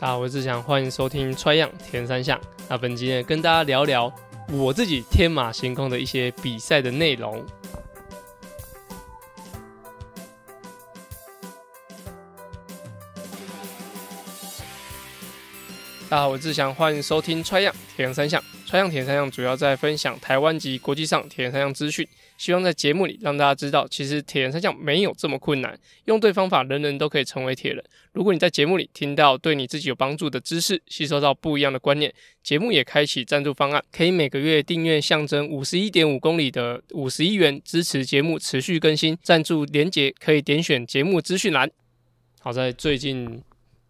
大家好，我是志祥，歡迎收聽《揣樣鐵人三項》。那本期呢，跟大家聊聊我自己天馬行空的一些比賽的內容。大家好，我是志祥，歡迎收聽《揣樣鐵人三項》。穿項鐵人三項主要在分享台灣及國際上鐵人三項資訊，希望在節目裡讓大家知道，其實鐵人三項沒有這麼困難，用對方法，人人都可以成為鐵人。如果你在節目裡聽到對你自己有幫助的知識，吸收到不一樣的觀念，節目也開啟贊助方案，可以每個月訂閱象徵五十一點五公里的五十一元，支持節目持續更新。贊助連結可以點選節目資訊欄。好，在最近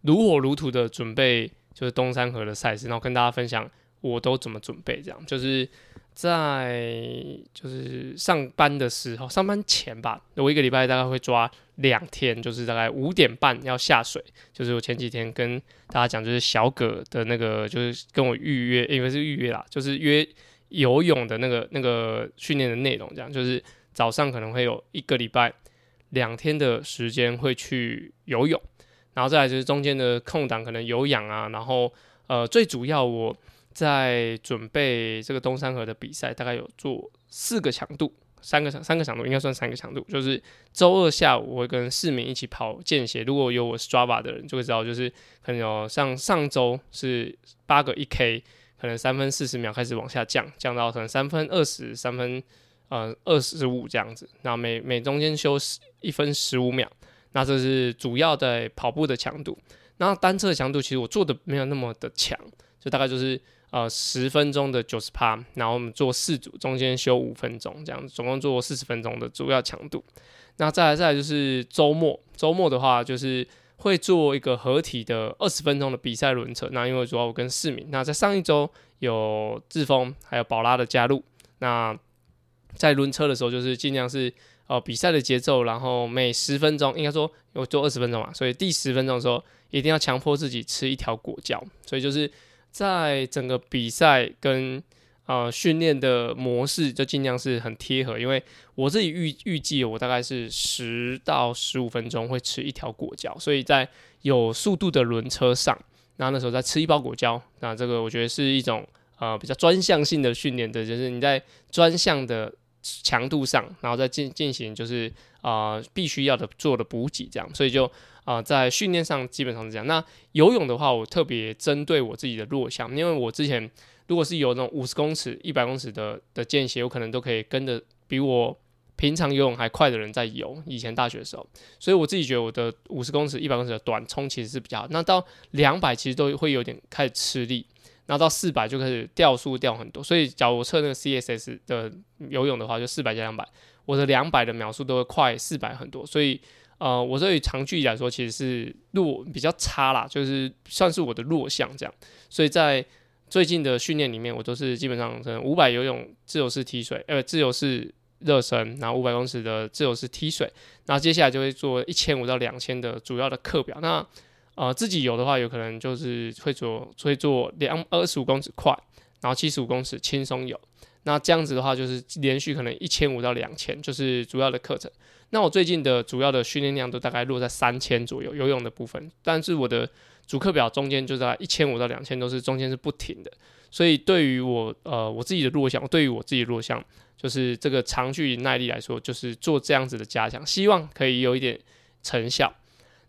如火如荼的準備就是東山河的賽事，然後跟大家分享。我都怎麼準備？這樣就是在就是上班的時候，上班前吧，我一個禮拜大概會抓兩天，就是大概五點半要下水。就是我前幾天跟大家講，就是小葛的那個，就是跟我預約，因、欸、為是預約啦，就是約游泳的那個那個訓練的內容，這樣就是早上可能會有一個禮拜兩天的時間會去游泳，然後再來就是中間的空檔可能有氧啊，然後呃最主要我。在準備這個東山河的比賽，大概有做四個強度，三個強三個強度應該算三個強度，就是週二下午我會跟市民一起跑間歇。如果有我 Strava 的人就會知道，就是可能有像上週是八個一 k，可能三分四十秒開始往下降，降到可能三分二十三分呃二十五這樣子。那每每中間休息一分十五秒，那這是主要在跑步的強度。然後單車的強度其實我做的沒有那麼的強，就大概就是。呃，十分鐘的九十趴，然後我們做四組，中間休五分鐘，這樣總共做四十分鐘的主要強度。那再來，再來就是週末，週末的話就是會做一個合體的二十分鐘的比賽輪車。那因為主要我跟市民，那在上一週有志峰還有寶拉的加入，那在輪車的時候就是儘量是呃比賽的節奏，然後每十分鐘應該說有做二十分鐘嘛，所以第十分鐘的時候一定要強迫自己吃一條果膠，所以就是。在整個比賽跟呃訓練的模式，就儘量是很貼合。因為我自己預預計，我大概是十到十五分鐘會吃一條果膠，所以在有速度的輪車上，然後那時候再吃一包果膠，那這個我覺得是一種呃比較專項性的訓練的，就是你在專項的強度上，然後再進進行就是。啊、呃，必須要的做的補給，這樣，所以就啊、呃，在訓練上基本上是這樣。那游泳的話，我特別針對我自己的弱項，因為我之前如果是有那種五十公尺、一百公尺的的間歇，有可能都可以跟着比我平常游泳還快的人在游。以前大學的時候，所以我自己覺得我的五十公尺、一百公尺的短衝其實是比較好，那到兩百其實都會有點開始吃力。然後到四百就開始掉速掉很多，所以假如我測那個 CSS 的游泳的話，就四百加兩百，我的兩百的秒數都會快四百很多，所以呃，我對於長距離來說其實是弱比較差啦，就是算是我的弱項這樣。所以在最近的訓練裡面，我都是基本上五百游泳自由式踢水，呃，自由式熱身，然後五百公尺的自由式踢水，然後接下來就會做一千五到兩千的主要的課表。那呃，自己游的話，有可能就是會做，會做兩二十五公尺快，然後七十五公尺輕鬆游。那這樣子的話，就是連續可能一千五到兩千，就是主要的課程。那我最近的主要的訓練量都大概落在三千左右，游泳的部分。但是我的主課表中間就在一千五到兩千都是中間是不停的。所以對於我呃我自己的弱項，對於我自己的弱項，就是這個長距離耐力來說，就是做這樣子的加強，希望可以有一點成效。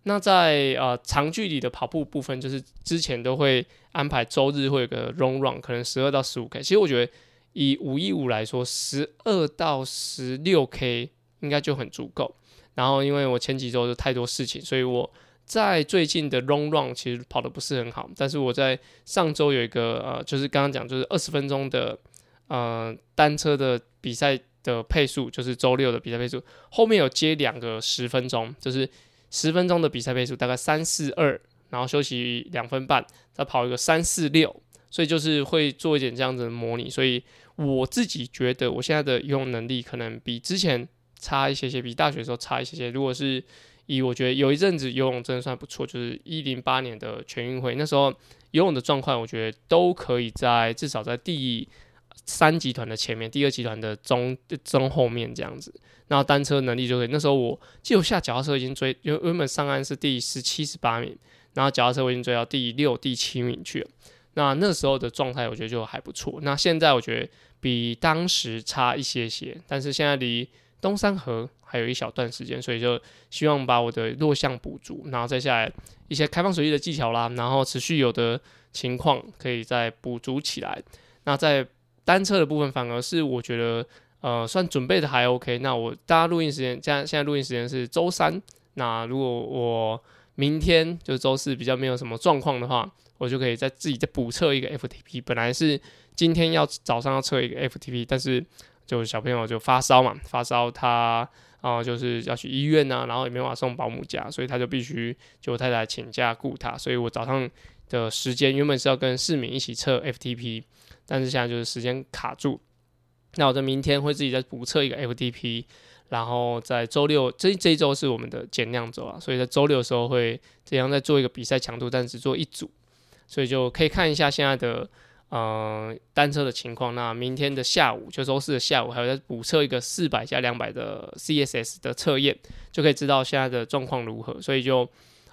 那在呃長距離的跑步部分，就是之前都會安排周日會有個 long run，可能十二到十五 k。其實我覺得以五一五來說，十二到十六 k 應該就很足夠。然後因為我前幾週就太多事情，所以我在最近的 long run 其實跑得不是很好。但是我在上周有一個呃，就是剛剛講就是二十分鐘的呃單車的比賽的配速，就是周六的比賽配速，後面有接兩個十分鐘，就是。十分鐘的比賽配速大概三四二，然後休息兩分半，再跑一個三四六，所以就是會做一點這樣子的模擬。所以我自己覺得，我現在的游泳能力可能比之前差一些些，比大學的時候差一些些。如果是以我覺得有一陣子游泳真的算不錯，就是一零八年的全運會那時候游泳的狀況，我覺得都可以在至少在第一。三集團的前面，第二集團的中中後面這樣子，然後單車能力就可以。那時候我就下腳踏車已經追，原原本上岸是第十七十八名，然後腳踏車我已經追到第六、第七名去了。那那時候的狀態我覺得就還不錯。那現在我覺得比當時差一些些，但是現在離東山河還有一小段時間，所以就希望把我的弱項補足，然後再下來一些開放水域的技巧啦，然後持續有的情況可以再補足起來。那在單車的部分反而是我覺得，呃，算準備的還 OK。那我大家錄音時間，現在現在錄音時間是周三。那如果我明天就是周四比較沒有什麼狀況的話，我就可以再自己再補測一個 FTP。本來是今天要早上要測一個 FTP，但是就小朋友就發燒嘛，發燒他。啊，就是要去醫院吶、啊，然後也沒辦法送保姆家，所以他就必須就太太請假雇他，所以我早上的時間原本是要跟市民一起測 FTP，但是現在就是時間卡住。那我在明天會自己再補測一個 FTP，然後在周六這這一周是我們的減量周啊，所以在周六的時候會這樣再做一個比賽強度，但是只做一組，所以就可以看一下現在的。嗯、呃，單車的情況。那明天的下午就周、是、四的下午，還有再補測一個四百加兩百的 CSS 的測驗，就可以知道現在的狀況如何。所以就，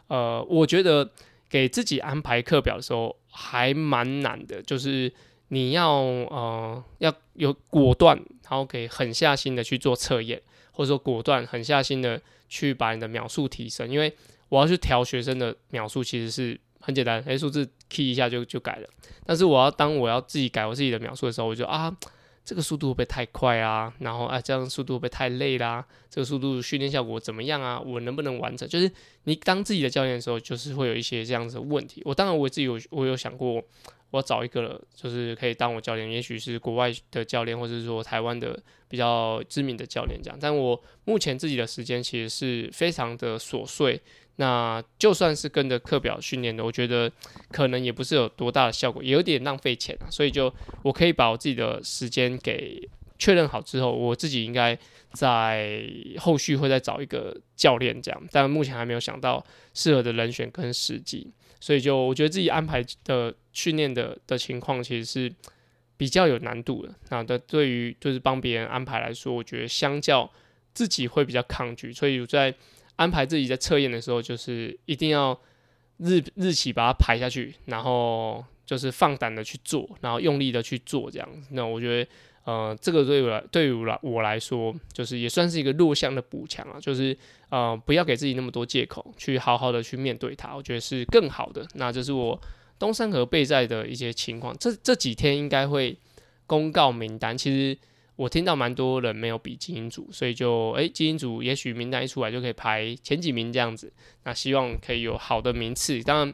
呃，我覺得給自己安排課表的時候還蠻難的，就是你要呃要有果斷，然後可以狠下心的去做測驗，或者說果斷狠下心的去把你的秒數提升。因為我要去調學生的秒數其實是。很簡單，哎、欸，數字 key 一下就就改了。但是我要當我要自己改我自己的描述的時候，我就啊，這個速度會不會太快啊？然後啊，這樣速度會不會太累啦、啊？這個速度訓練效果怎麼樣啊？我能不能完成？就是你當自己的教練的時候，就是會有一些這樣子的問題。我當然我自己有，我有想過，我要找一個就是可以當我教練，也許是國外的教練，或者是說台灣的比較知名的教練這樣。但我目前自己的時間其實是非常的瑣碎。那就算是跟着課表訓練的，我覺得可能也不是有多大的效果，也有點浪費錢啊，所以就我可以把我自己的時間給確認好之後，我自己應該在後續會再找一個教練這樣，但目前還沒有想到適合的人選跟時機。所以就我覺得自己安排的訓練的的情況其實是比較有難度的。那的對於就是幫別人安排來說，我覺得相較自己會比較抗拒，所以我在。安排自己在測驗的時候，就是一定要日日期，把它排下去，然後就是放膽的去做，然後用力的去做，這樣。那我覺得，呃，這個對我對於我來我來說，就是也算是一個弱項的補強啊，就是呃，不要給自己那麼多借口，去好好的去面對它，我覺得是更好的。那這是我冬山河備賽的一些情況，這這幾天應該會公告名單。其實。我聽到蠻多人沒有比菁英組，所以就哎，欸、菁英組也許名單一出來就可以排前幾名這樣子。那希望可以有好的名次，當然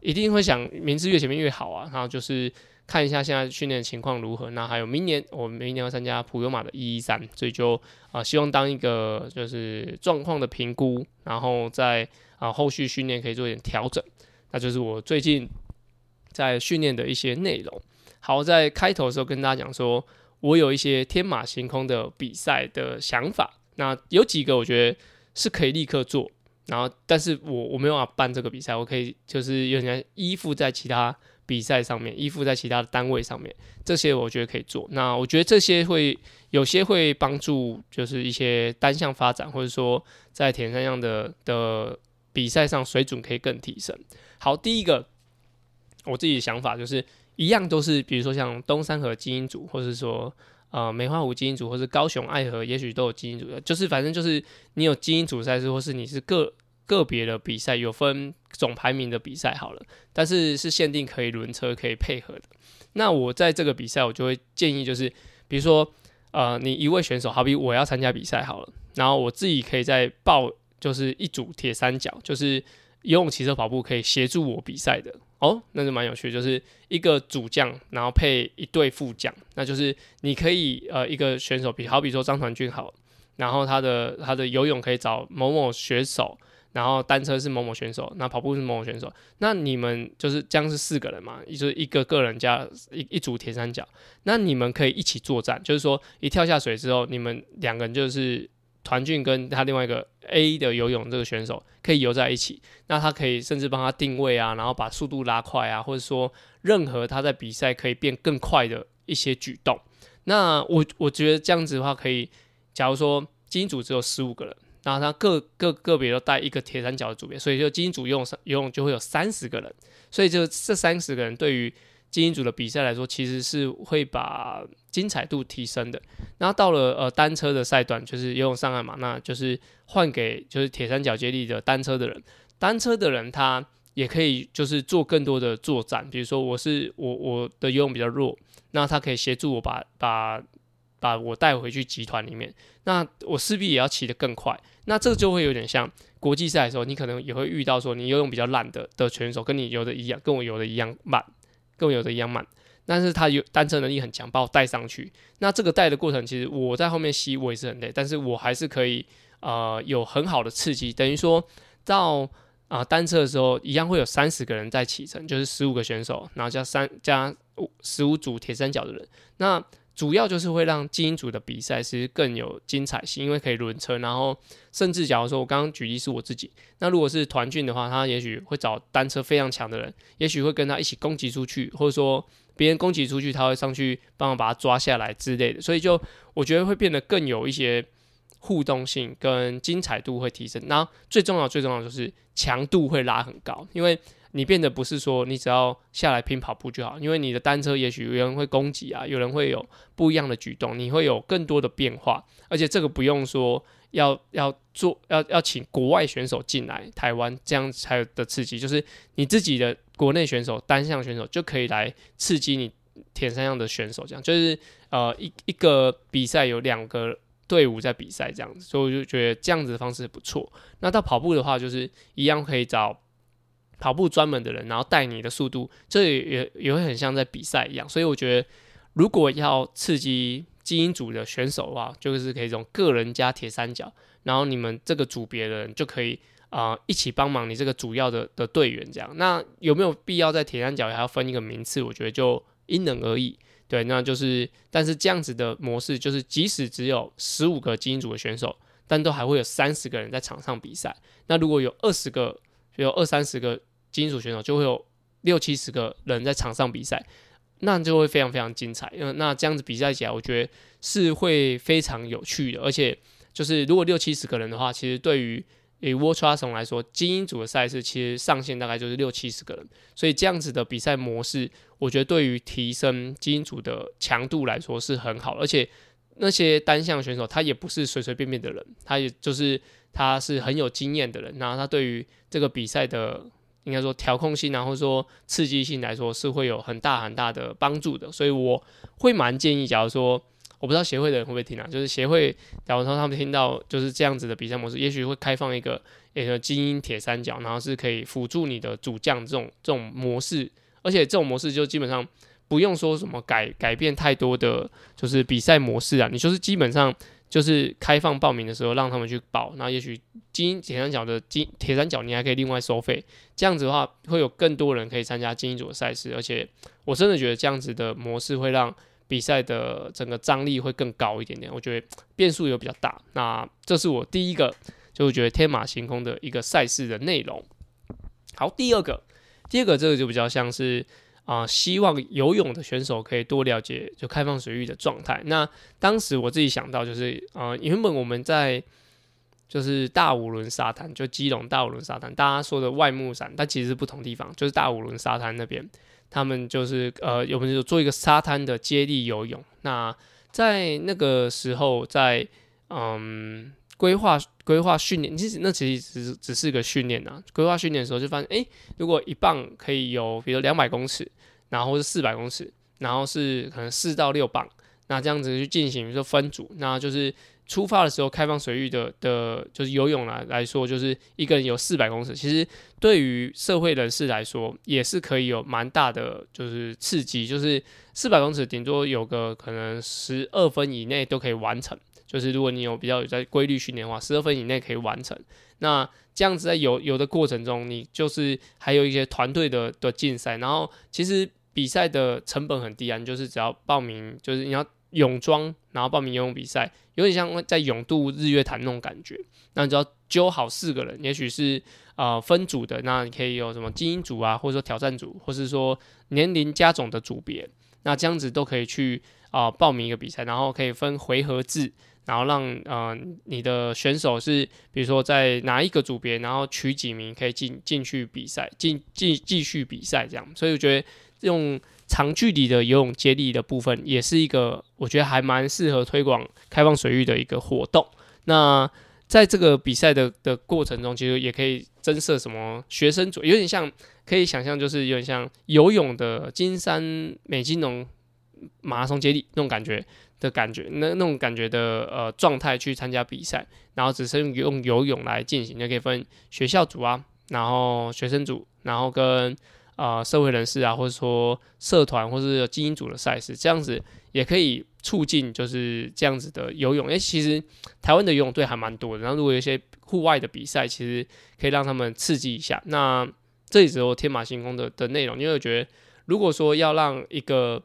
一定會想名次越前面越好啊。然後就是看一下現在訓練的情況如何，那還有明年我明年要參加普悠瑪的一一三，所以就啊、呃，希望當一個就是狀況的評估，然後在啊、呃、後續訓練可以做一點調整。那就是我最近在訓練的一些內容。好，在開頭的時候跟大家講說。我有一些天馬行空的比賽的想法，那有幾個我覺得是可以立刻做，然後，但是我我沒有辦法辦這個比賽，我可以就是有點依附在其他比賽上面，依附在其他的單位上面，這些我覺得可以做。那我覺得這些會有些會幫助，就是一些單項發展，或者說在鐵人三項的的比賽上水準可以更提升。好，第一個我自己的想法就是。一樣都是，比如說像東山河精英組，或者是說呃梅花湖精英組，或是高雄愛河，也許都有精英組的。就是反正就是你有精英組賽事，或是你是個個別的比賽，有分總排名的比賽好了，但是是限定可以輪車可以配合的。那我在這個比賽，我就會建議就是，比如說呃你一位選手，好比我要參加比賽好了，然後我自己可以再報就是一組鐵三角，就是游泳、騎車、跑步可以協助我比賽的。哦，那就蠻有趣，就是一個主將，然後配一對副將，那就是你可以呃一個選手，比好比說張團軍好，然後他的他的游泳可以找某某選手，然後單車是某某選手，那跑步是某某選手，那你們就是將是四個人嘛，就是一個個人加一一組鐵三角，那你們可以一起作戰，就是說一跳下水之後，你們兩個人就是。團俊跟他另外一個 A 的游泳這個選手可以游在一起，那他可以甚至幫他定位啊，然後把速度拉快啊，或者說任何他在比賽可以變更快的一些舉動。那我我覺得這樣子的話，可以，假如說精英組只有十五個人，然後他個個個別都帶一個鐵三角的組別，所以就精英組用上游泳就會有三十個人，所以就這三十個人對於。精英組的比賽來說，其實是會把精彩度提升的。那到了呃，單車的賽段，就是游泳上岸嘛，那就是換給就是鐵三角接力的單車的人。單車的人他也可以就是做更多的作戰，比如說我是我我的游泳比較弱，那他可以協助我把把把我帶回去集團裡面。那我勢必也要騎得更快。那這就會有點像國際賽的時候，你可能也會遇到說，你游泳比較爛的的選手，跟你游的一樣，跟我游的一樣慢。跟有的一樣慢，但是他有單車能力很強，把我帶上去。那這個帶的過程，其實我在後面吸，我也是很累，但是我還是可以，呃，有很好的刺激。等於說到啊、呃，單車的時候，一樣會有三十個人在騎乘，就是十五個選手，然後加三加十五組鐵三角的人，那，主要就是會讓精英組的比賽是更有精彩性，因為可以輪車，然後甚至假如說我剛剛舉例是我自己，那如果是團訓的話，他也許會找單車非常強的人，也許會跟他一起攻擊出去，或者說別人攻擊出去，他會上去幫忙把他抓下來之類的。所以就我覺得會變得更有一些互動性跟精彩度會提升，然後最重要最重要就是強度會拉很高，因為。你變得不是說你只要下來拼跑步就好，因為你的單車也許有人會攻擊啊，有人會有不一樣的舉動，你會有更多的變化。而且這個不用說要要做，要要請國外選手進來台灣這樣才有的刺激，就是你自己的國內選手單項選手就可以來刺激你鐵三項的選手，這樣就是呃一一個比賽有兩個隊伍在比賽這樣子，所以我就覺得這樣子的方式不錯。那到跑步的話，就是一樣可以找。跑步專門的人，然後帶你的速度，這也也會很像在比賽一樣。所以我覺得，如果要刺激精英組的選手的話，就是可以從個人加鐵三角，然後你們這個組別的人就可以啊、呃、一起幫忙你這個主要的的隊員這樣。那有沒有必要在鐵三角還要分一個名次？我覺得就因人而異。對，那就是，但是這樣子的模式，就是即使只有十五個精英組的選手，但都還會有三十個人在場上比賽。那如果有二十個，有二三十個。精英組選手就會有六七十個人在場上比賽，那就會非常非常精彩。因為那這樣子比賽起來，我覺得是會非常有趣的。而且，就是如果六七十個人的話，其實對於《World Rush》來說，精英組的賽事其實上限大概就是六七十個人。所以這樣子的比賽模式，我覺得對於提升精英組的強度來說是很好。而且，那些單項選手他也不是隨隨便便的人，他也就是他是很有經驗的人。然後他對於這個比賽的應該說調控性、啊，或者說刺激性來說是會有很大很大的幫助的，所以我會蠻建議，假如說我不知道協會的人會不會聽啊，就是協會假如說他們聽到就是這樣子的比賽模式，也許會開放一個一個精英鐵三角，然後是可以輔助你的主將這種這種模式，而且這種模式就基本上不用說什麼改改變太多的，就是比賽模式啊，你就是基本上。就是開放報名的時候，讓他們去報。那也許金鐵三角的金鐵三角，你還可以另外收費。這樣子的話，會有更多人可以參加精英組的賽事，而且我真的覺得這樣子的模式會讓比賽的整個張力會更高一點點。我覺得變數也比較大。那這是我第一個，就是覺得天馬行空的一個賽事的內容。好，第二個，第二個這個就比較像是。啊、呃，希望游泳的選手可以多了解就開放水域的狀態。那當時我自己想到就是，呃，原本我們在就是大武崙沙灘，就基隆大武崙沙灘，大家說的外木山，但其實是不同地方，就是大武崙沙灘那邊，他們就是呃，有有做一個沙灘的接力游泳。那在那個時候在，在、呃、嗯。規劃規劃訓練，其實那其實只只是個訓練啊，規劃訓練的時候就發現，誒，如果一棒可以有，比如兩百公尺，然後是四百公尺，然後是可能四到六棒，那這樣子去進行，比如說分組，那就是出發的時候開放水域的的，就是游泳來來說，就是一個人有四百公尺。其實對於社會人士來說，也是可以有蠻大的就是刺激，就是四百公尺頂多有個可能十二分以內都可以完成。就是如果你有比較有在規律訓練的話，十二分以內可以完成。那這樣子在有有的過程中，你就是還有一些團隊的的競賽。然後其實比賽的成本很低啊，你就是只要報名，就是你要泳裝，然後報名游泳比賽，有點像在泳渡日月潭那種感覺。那你只要揪好四個人，也許是啊、呃、分組的，那你可以有什麼精英組啊，或者說挑戰組，或是說年齡加總的組別。那這樣子都可以去啊、呃、報名一個比賽，然後可以分回合制。然後讓呃你的選手是比如說在哪一個組別，然後取幾名可以進進去比賽，進進繼續比賽這樣。所以我覺得用長距離的游泳接力的部分，也是一個我覺得還蠻適合推廣開放水域的一個活動。那在這個比賽的的過程中，其實也可以增設什麼學生組，有點像可以想象就是有點像游泳的金山美金龍馬拉松接力那種感覺。的感覺，那那種感覺的呃狀態去參加比賽，然後只是用游泳來進行，也可以分學校組啊，然後學生組，然後跟啊、呃、社會人士啊，或者說社團或者是精英組的賽事，這樣子也可以促進，就是這樣子的游泳。誒，其實台灣的游泳隊還蠻多的，然後如果有一些戶外的比賽，其實可以讓他們刺激一下。那這時候天馬行空的的內容，因為我覺得如果說要讓一個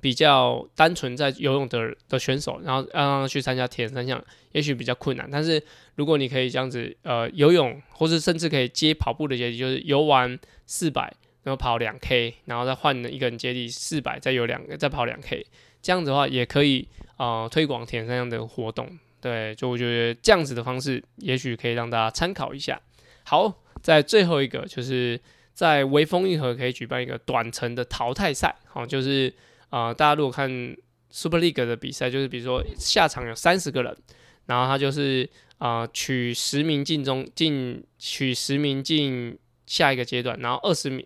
比較單純在游泳的的選手，然後讓他去參加鐵人三項，也許比較困難。但是如果你可以這樣子，呃，游泳，或是甚至可以接跑步的接力，就是游完四百，然後跑兩 K，然後再換一個人接力四百，再游兩個，再跑兩 K，這樣子的話也可以啊、呃，推廣鐵人三項的活動。對，就我覺得這樣子的方式，也許可以讓大家參考一下。好，在最後一個就是在微風運河可以舉辦一個短程的淘汰賽，好，就是。啊、呃，大家如果看 Super League 的比賽，就是比如說下場有三十個人，然後他就是啊、呃、取十名進中進取十名進下一個階段，然後二十名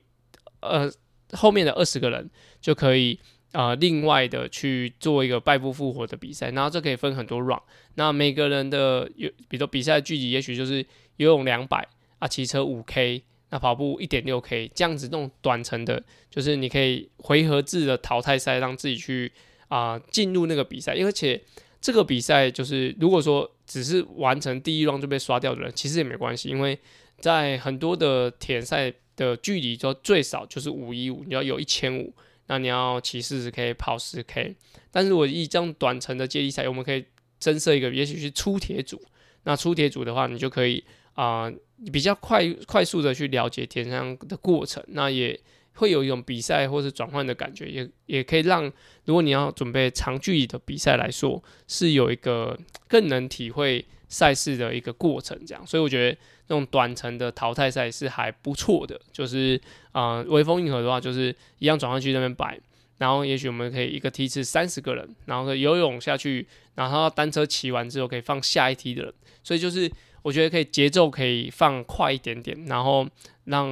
呃後面的二十個人就可以啊、呃、另外的去做一個敗部復活的比賽，然後這可以分很多 round，那每個人的有比如說比賽的距離也許就是游泳兩百啊，騎車五 K。那跑步一點六 K 這樣子，這種短程的，就是你可以回合制的淘汰賽，讓自己去啊進、呃、入那個比賽。而且這個比賽就是，如果說只是完成第一輪就被刷掉的人，其實也沒關係，因為在很多的鐵賽的距離，就最少就是五一五，你要有一千五，那你要騎四十 K 跑十 K。但是我以這樣短程的接力賽，我們可以增設一個，也許是初鐵組。那初鐵組的話，你就可以啊。呃比較快快速的去了解鐵三的過程，那也會有一種比賽或是轉換的感覺，也也可以讓如果你要準備長距離的比賽來說，是有一個更能體會賽事的一個過程，這樣。所以我覺得那種短程的淘汰賽是還不錯的，就是啊、呃，微風運河的話，就是一樣轉換去那邊擺，然後也許我們可以一個梯次三十個人，然後游泳下去，然後單車騎完之後可以放下一梯的人，所以就是。我覺得可以節奏可以放快一點點，然後讓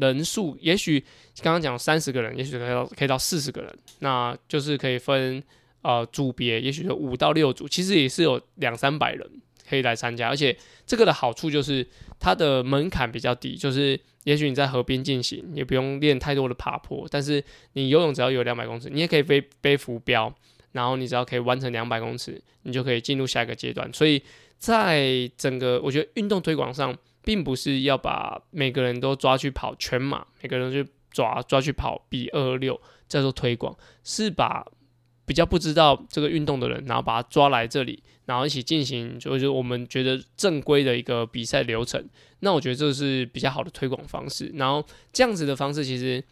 人數，也許剛剛講三十個人，也許可以到可以到四十個人，那就是可以分呃組別，也許有五到六組，其實也是有兩三百人可以來參加，而且這個的好處就是它的門檻比較低，就是也許你在河邊進行，也不用練太多的爬坡，但是你游泳只要有兩百公尺，你也可以背背浮標，然後你只要可以完成兩百公尺，你就可以進入下一個階段，所以。在整個我覺得運動推廣上，並不是要把每個人都抓去跑全馬，每個人都去抓抓去跑 B 二六，叫做推廣，是把比較不知道這個運動的人，然後把他抓來這裡，然後一起進行，就是我們覺得正規的一個比賽流程。那我覺得這是比較好的推廣方式。然後這樣子的方式，其實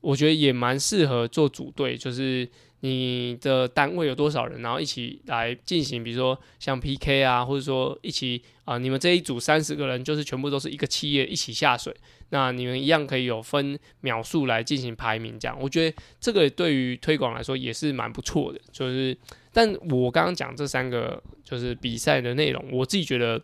我覺得也蠻適合做組隊，就是。你的單位有多少人？然後一起來進行，比如說像 PK 啊，或者說一起啊、呃，你們這一組三十個人，就是全部都是一個企業一起下水，那你們一樣可以有分秒數來進行排名。這樣，我覺得這個對於推廣來說也是蠻不錯的。就是，但我剛剛講這三個就是比賽的內容，我自己覺得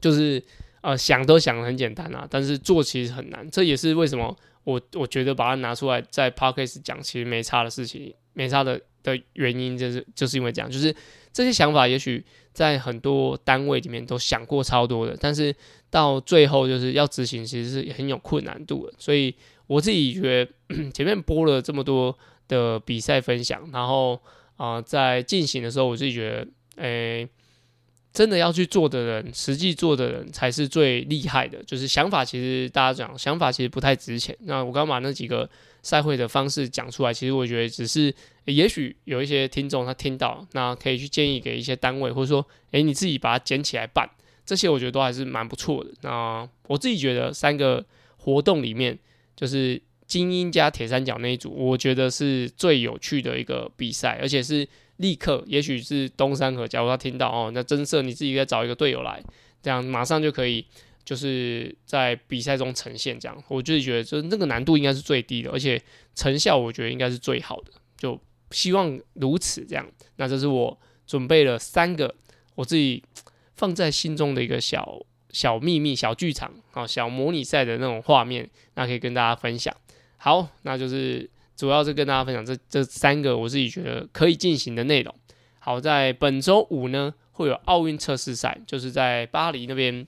就是呃想都想很簡單啊，但是做其實很難。這也是為什麼我我覺得把它拿出來在 Podcast 講，其實沒差的事情。沒差的的原因，就是就是因為這樣，就是這些想法也許在很多單位裡面都想過超多的，但是到最後就是要執行，其實是很有困難度的。所以我自己覺得，前面播了這麼多的比賽分享，然後啊、呃，在進行的時候，我自己覺得，誒、欸。真的要去做的人，實際做的人才是最厲害的。就是想法，其實大家講想法其實不太值錢。那我剛剛把那幾個賽會的方式講出來，其實我覺得只是，欸、也許有一些聽眾他聽到，那可以去建議給一些單位，或者說，誒、欸、你自己把它撿起來辦，這些我覺得都還是蠻不錯的。那我自己覺得三個活動裡面，就是精英加鐵三角那一組，我覺得是最有趣的一個比賽，而且是。立刻，也許是冬山河。假如他聽到哦，那增色，你自己再找一個隊友來，這樣馬上就可以，就是在比賽中呈現這樣。我就是覺得，就是那個難度應該是最低的，而且成效我覺得應該是最好的。就希望如此這樣。那這是我準備了三個我自己放在心中的一個小小秘密小劇場，啊、哦，小模擬賽的那種畫面，那可以跟大家分享。好，那就是。主要是跟大家分享這這三個我自己覺得可以進行的內容。好，在本周五呢會有奧運測試賽，就是在巴黎那邊。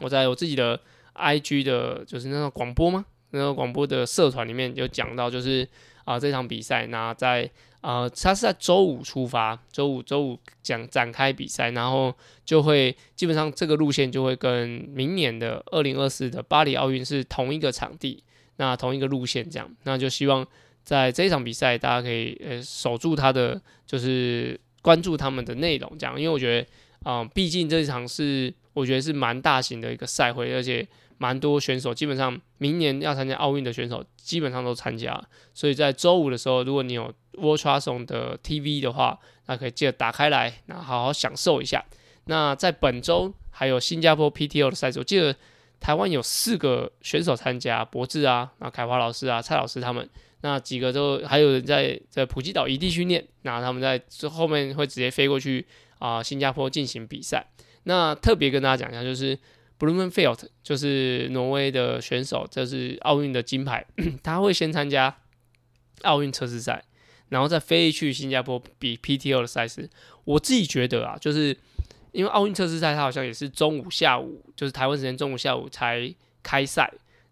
我在我自己的 IG 的，就是那個廣播嗎？那個廣播的社團裡面有講到，就是啊、呃、這場比賽那在呃，他是在周五出發，周五周五講展開比賽，然後就會基本上這個路線就會跟明年的二零二四的巴黎奧運是同一個場地，那同一個路線這樣，那就希望。在這一場比賽，大家可以呃守住他的，就是關注他們的內容，這樣，因為我覺得，啊，畢竟這一場是我覺得是蠻大型的一個賽會，而且蠻多選手，基本上明年要參加奧運的選手基本上都參加，所以在周五的時候，如果你有 Water Song 的 TV 的話，那可以記得打開來，那好好享受一下。那在本周還有新加坡 PTO 的賽事，我記得台灣有四個選手參加，博智啊，那凱華老師啊，蔡老師他們。那幾個都還有人在在普吉島一地訓練，那他們在後面會直接飛過去啊、呃、新加坡進行比賽。那特別跟大家講一下，就是 Blumenfeld 就是挪威的選手，這、就是奧運的金牌，他會先參加奧運測試賽，然後再飛去新加坡比 PTO 的賽事。我自己覺得啊，就是因為奧運測試賽，它好像也是中午下午，就是台灣時間中午下午才開賽。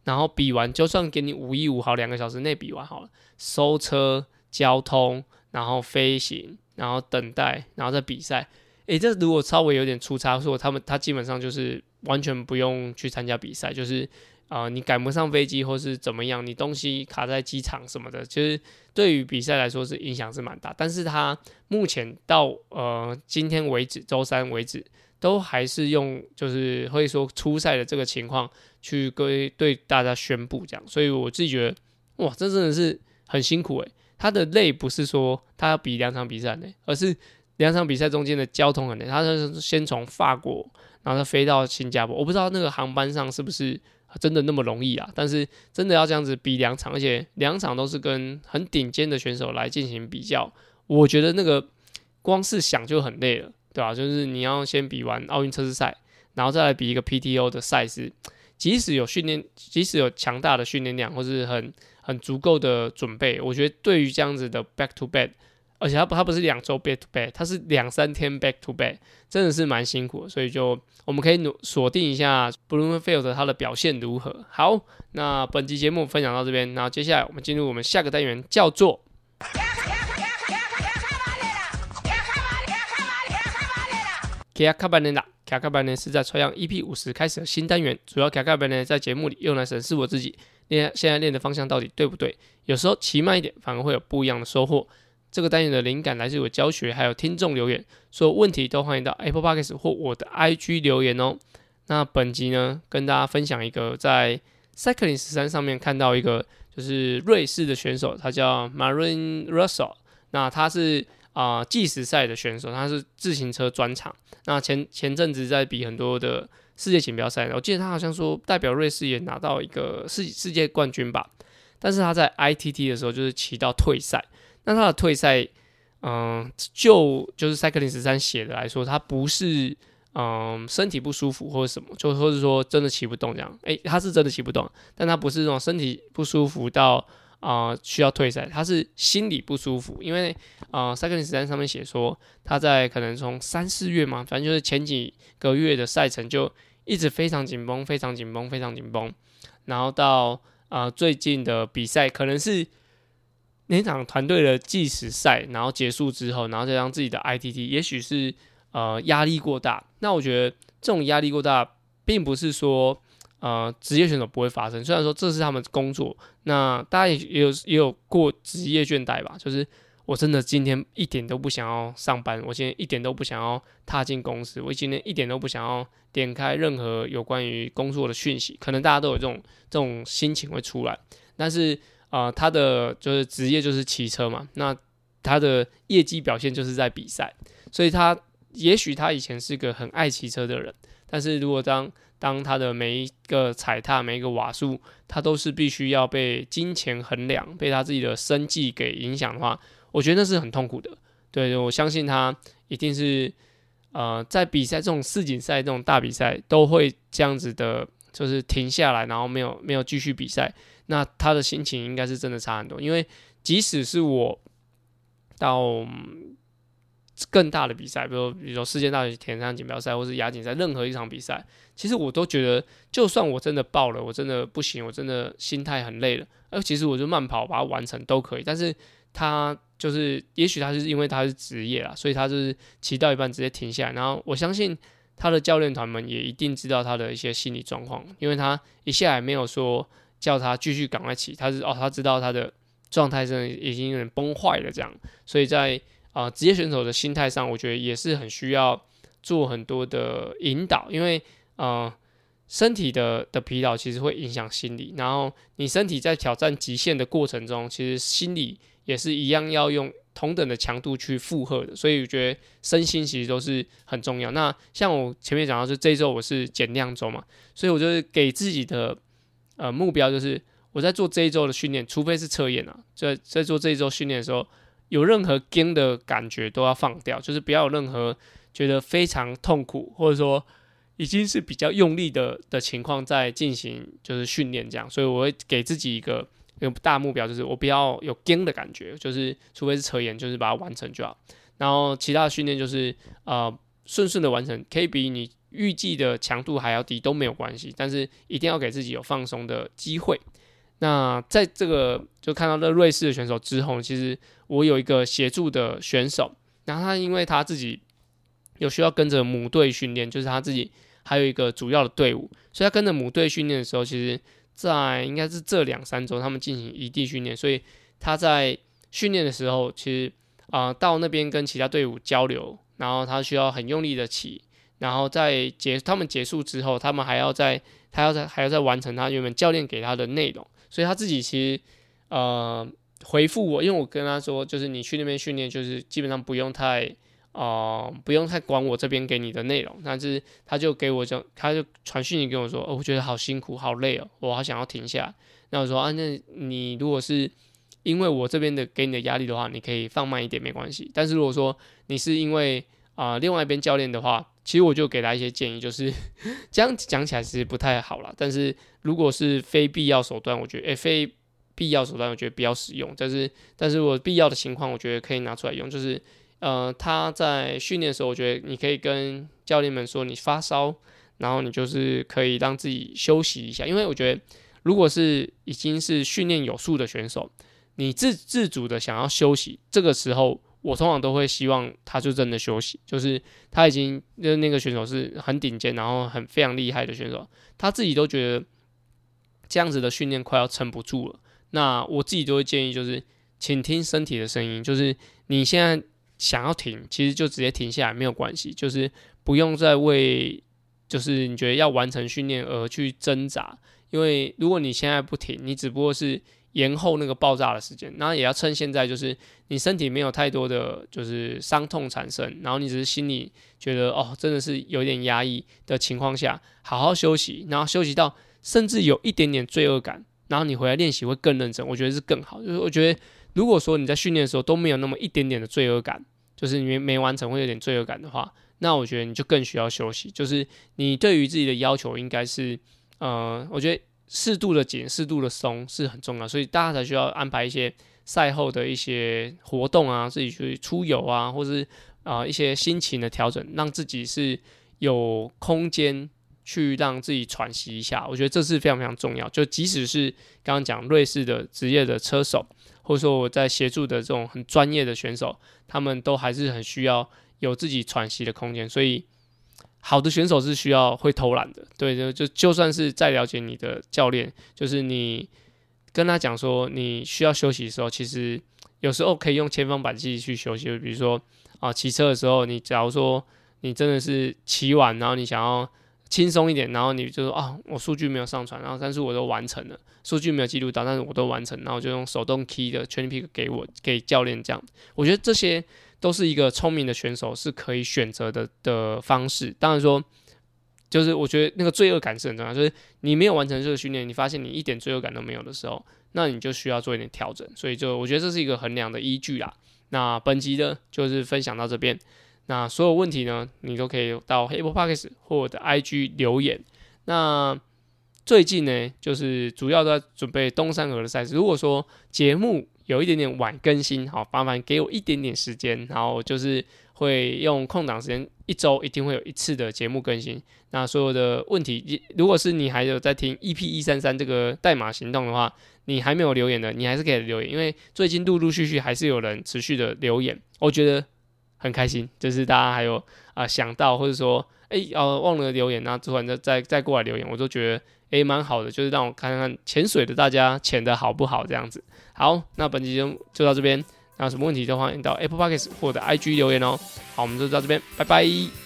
然後比完，就算給你五一五好，兩個小時內比完好了。收車、交通，然後飛行，然後等待，然後再比賽。哎，這如果稍微有點出差錯，他們他基本上就是完全不用去參加比賽，就是啊、呃，你趕不上飛機或是怎麼樣，你東西卡在機場什麼的，就是對於比賽來說是影響是蠻大。但是他目前到呃今天為止，周三為止，都還是用就是會說出賽的這個情況。去跟對大家宣布這樣，所以我自己覺得，哇，這真的是很辛苦誒。他的累不是說他要比兩場比賽累，而是兩場比賽中間的交通很累。他是先從法國，然後他飛到新加坡，我不知道那個航班上是不是真的那麼容易啊。但是真的要這樣子比兩場，而且兩場都是跟很頂尖的選手來進行比較，我覺得那個光是想就很累了，對吧、啊？就是你要先比完奧運測試賽，然後再來比一個 P T O 的賽事。即使有訓練，即使有強大的訓練量，或是很很足夠的準備，我覺得對於這樣子的 back to back，而且他不他不是兩周 back to back，他是兩三天 back to back，真的是蠻辛苦的，所以就我們可以鎖鎖定一下 Bloomfield 他的表現如何。好，那本期節目分享到這邊，那接下來我們進入我們下個單元，叫做，拉，拉，拉。卡卡班呢是在穿上 EP 五十開始的新單元，主要卡卡班呢在節目裡用來審視我自己，練現在練的方向到底對不對。有時候騎慢一點反而會有不一樣的收穫。這個單元的靈感來自於我教學，還有聽眾留言，所有問題都歡迎到 Apple Podcast 或我的 IG 留言哦。那本集呢，跟大家分享一個在 Cyclist 十三上面看到一個，就是瑞士的選手，他叫 Marin Russell，那他是。啊、呃，計時賽的選手，他是自行車專長。那前前陣子在比很多的世界錦標賽，我記得他好像說代表瑞士也拿到一個世世界冠軍吧。但是他在 ITT 的時候就是騎到退賽。那他的退賽，嗯、呃，就就是賽克林十三寫的來說，他不是嗯、呃、身體不舒服或者什麼，就或者說真的騎不動這樣。誒、欸，他是真的騎不動，但他不是那種身體不舒服到。啊、呃，需要退賽，他是心裡不舒服，因為啊，賽、呃、克林斯在上面寫說，他在可能從三四月嘛，反正就是前幾個月的賽程就一直非常緊繃，非常緊繃，非常緊繃，然後到啊、呃、最近的比賽，可能是那場團隊的計時賽，然後結束之後，然後再讓自己的 ITT，也許是呃壓力過大，那我覺得這種壓力過大，並不是說。呃，職業選手不會發生。雖然說這是他們工作，那大家也也有也有過職業倦怠吧？就是我真的今天一點都不想要上班，我今天一點都不想要踏進公司，我今天一點都不想要點開任何有關於工作的訊息。可能大家都有這種這種心情會出來，但是啊，呃，他的就是職業就是騎車嘛，那他的業績表現就是在比賽，所以他也許他以前是個很愛騎車的人，但是如果當當他的每一個踩踏，每一個瓦數，他都是必須要被金錢衡量、被他自己的生計給影響的話，我覺得那是很痛苦的。對，我相信他一定是，呃，在比賽這種世錦賽這種大比賽都會這樣子的，就是停下來，然後沒有、沒有繼續比賽。那他的心情應該是真的差很多，因為即使是我到。更大的比賽，比如比如說世界大學田徑錦標賽，或是亞錦賽，任何一場比賽，其實我都覺得，就算我真的爆了，我真的不行，我真的心態很累了。而其實我就慢跑把它完成都可以。但是他就是，也許他是因為他是職業啊，所以他就是騎到一半直接停下來。然後我相信他的教練團們也一定知道他的一些心理狀況，因為他一下也沒有說叫他繼續趕快騎，他是哦，他知道他的狀態真的已經有點崩壞了這樣，所以在。啊、呃，職業選手的心態上，我覺得也是很需要做很多的引導，因為呃，身體的的疲勞其實會影響心理，然後你身體在挑戰極限的過程中，其實心理也是一樣要用同等的強度去負荷的，所以我覺得身心其實都是很重要。那像我前面講到，就是這一周我是減量周嘛，所以我就是給自己的呃目標就是，我在做這一周的訓練，除非是測驗啊，在在做這一周訓練的時候。有任何緊的感覺都要放掉，就是不要有任何覺得非常痛苦，或者說已經是比較用力的的情況在進行就是訓練這樣。所以我會給自己一個一個大目標，就是我不要有緊的感覺，就是除非是扯延，就是把它完成就好。然後其他的訓練就是呃順順的完成，可以比你預計的強度還要低都沒有關係，但是一定要給自己有放鬆的機會。那在這個就看到了瑞士的選手之後，其實我有一個協助的選手，然後他因為他自己有需要跟着母隊訓練，就是他自己還有一個主要的隊伍，所以他跟着母隊訓練的時候，其實，在應該是這兩三週，他們進行異地訓練，所以他在訓練的時候，其實啊、呃、到那邊跟其他隊伍交流，然後他需要很用力的騎，然後在結他們結束之後，他們還要再他要在還要再完成他原本教練給他的內容。所以他自己其實，呃，回復我，因為我跟他說，就是你去那邊訓練，就是基本上不用太，啊，呃，不用太管我這邊給你的內容。但是他就給我就，他就傳訊息跟我說，哦，我覺得好辛苦，好累哦，我好想要停下。那我說啊，那你如果是因為我這邊的給你的壓力的話，你可以放慢一點，沒關係。但是如果說你是因為啊，呃，另外一邊教練的話，其實我就給他一些建議，就是這樣講起來其實不太好啦。但是如果是非必要手段，我覺得誒，非必要手段我覺得比較實用。但是，但是我必要的情況，我覺得可以拿出來用。就是呃，他在訓練的時候，我覺得你可以跟教練們說你發燒，然後你就是可以讓自己休息一下。因為我覺得如果是已經是訓練有素的選手，你自自主的想要休息，這個時候。我通常都會希望他就真的休息，就是他已經就是、那個選手是很頂尖，然後很非常厲害的選手，他自己都覺得這樣子的訓練快要撐不住了。那我自己都會建議，就是請聽身體的聲音，就是你現在想要停，其實就直接停下來沒有關係，就是不用再為就是你覺得要完成訓練而去掙扎，因為如果你現在不停，你只不過是。延後那個爆炸的時間，那也要趁現在，就是你身體沒有太多的就是傷痛產生，然後你只是心裡覺得哦，真的是有點壓抑的情況下，好好休息，然後休息到甚至有一點點罪惡感，然後你回來練習會更認真，我覺得是更好。就是我覺得，如果說你在訓練的時候都沒有那麼一點點的罪惡感，就是你沒完成會有點罪惡感的話，那我覺得你就更需要休息。就是你對於自己的要求應該是，呃，我覺得。適度的緊，適度的鬆是很重要，所以大家才需要安排一些賽後的一些活動啊，自己去出遊啊，或是啊、呃、一些心情的調整，讓自己是有空間去讓自己喘息一下。我覺得這是非常非常重要。就即使是剛剛講瑞士的職業的車手，或者說我在協助的這種很專業的選手，他們都還是很需要有自己喘息的空間，所以。好的選手是需要會偷懶的，對，就就就算是再了解你的教練，就是你跟他講說你需要休息的時候，其實有時候可以用千方百計去休息，就比如說啊，騎車的時候，你假如說你真的是騎完，然後你想要輕鬆一點，然後你就說啊，我數據沒有上傳，然後但是我都完成了，數據沒有記錄到，但是我都完成了，然後就用手動 key 的 training pick 給我給教練這樣，我覺得這些。都是一個聰明的選手是可以選擇的的方式。當然說，就是我覺得那個罪惡感是很重要。就是你沒有完成這個訓練，你發現你一點罪惡感都沒有的時候，那你就需要做一點調整。所以就我覺得這是一個衡量的依據啦。那本集的，就是分享到這邊。那所有問題呢，你都可以到黑波 Podcast 或者 IG 留言。那最近呢，就是主要都在準備冬山河的賽事。如果說節目，有一點點晚更新，好麻煩給我一點點時間，然後就是會用空檔時間，一周一定會有一次的節目更新。那所有的問題，如果是你還有在聽 EP 一三三這個代碼行動的話，你還沒有留言的，你還是可以留言，因為最近陸陸續續還是有人持續的留言，我覺得很開心，就是大家還有啊、呃、想到或者說哎哦、欸呃，忘了留言，那突然再再，再過來留言，我都覺得。哎、欸，蠻好的，就是讓我看看潛水的大家潛的好不好這樣子。好，那本期節目就到這邊。那有什麼問題都歡迎到 Apple Podcast 或者 IG 留言哦。好，我們就到這邊，拜拜。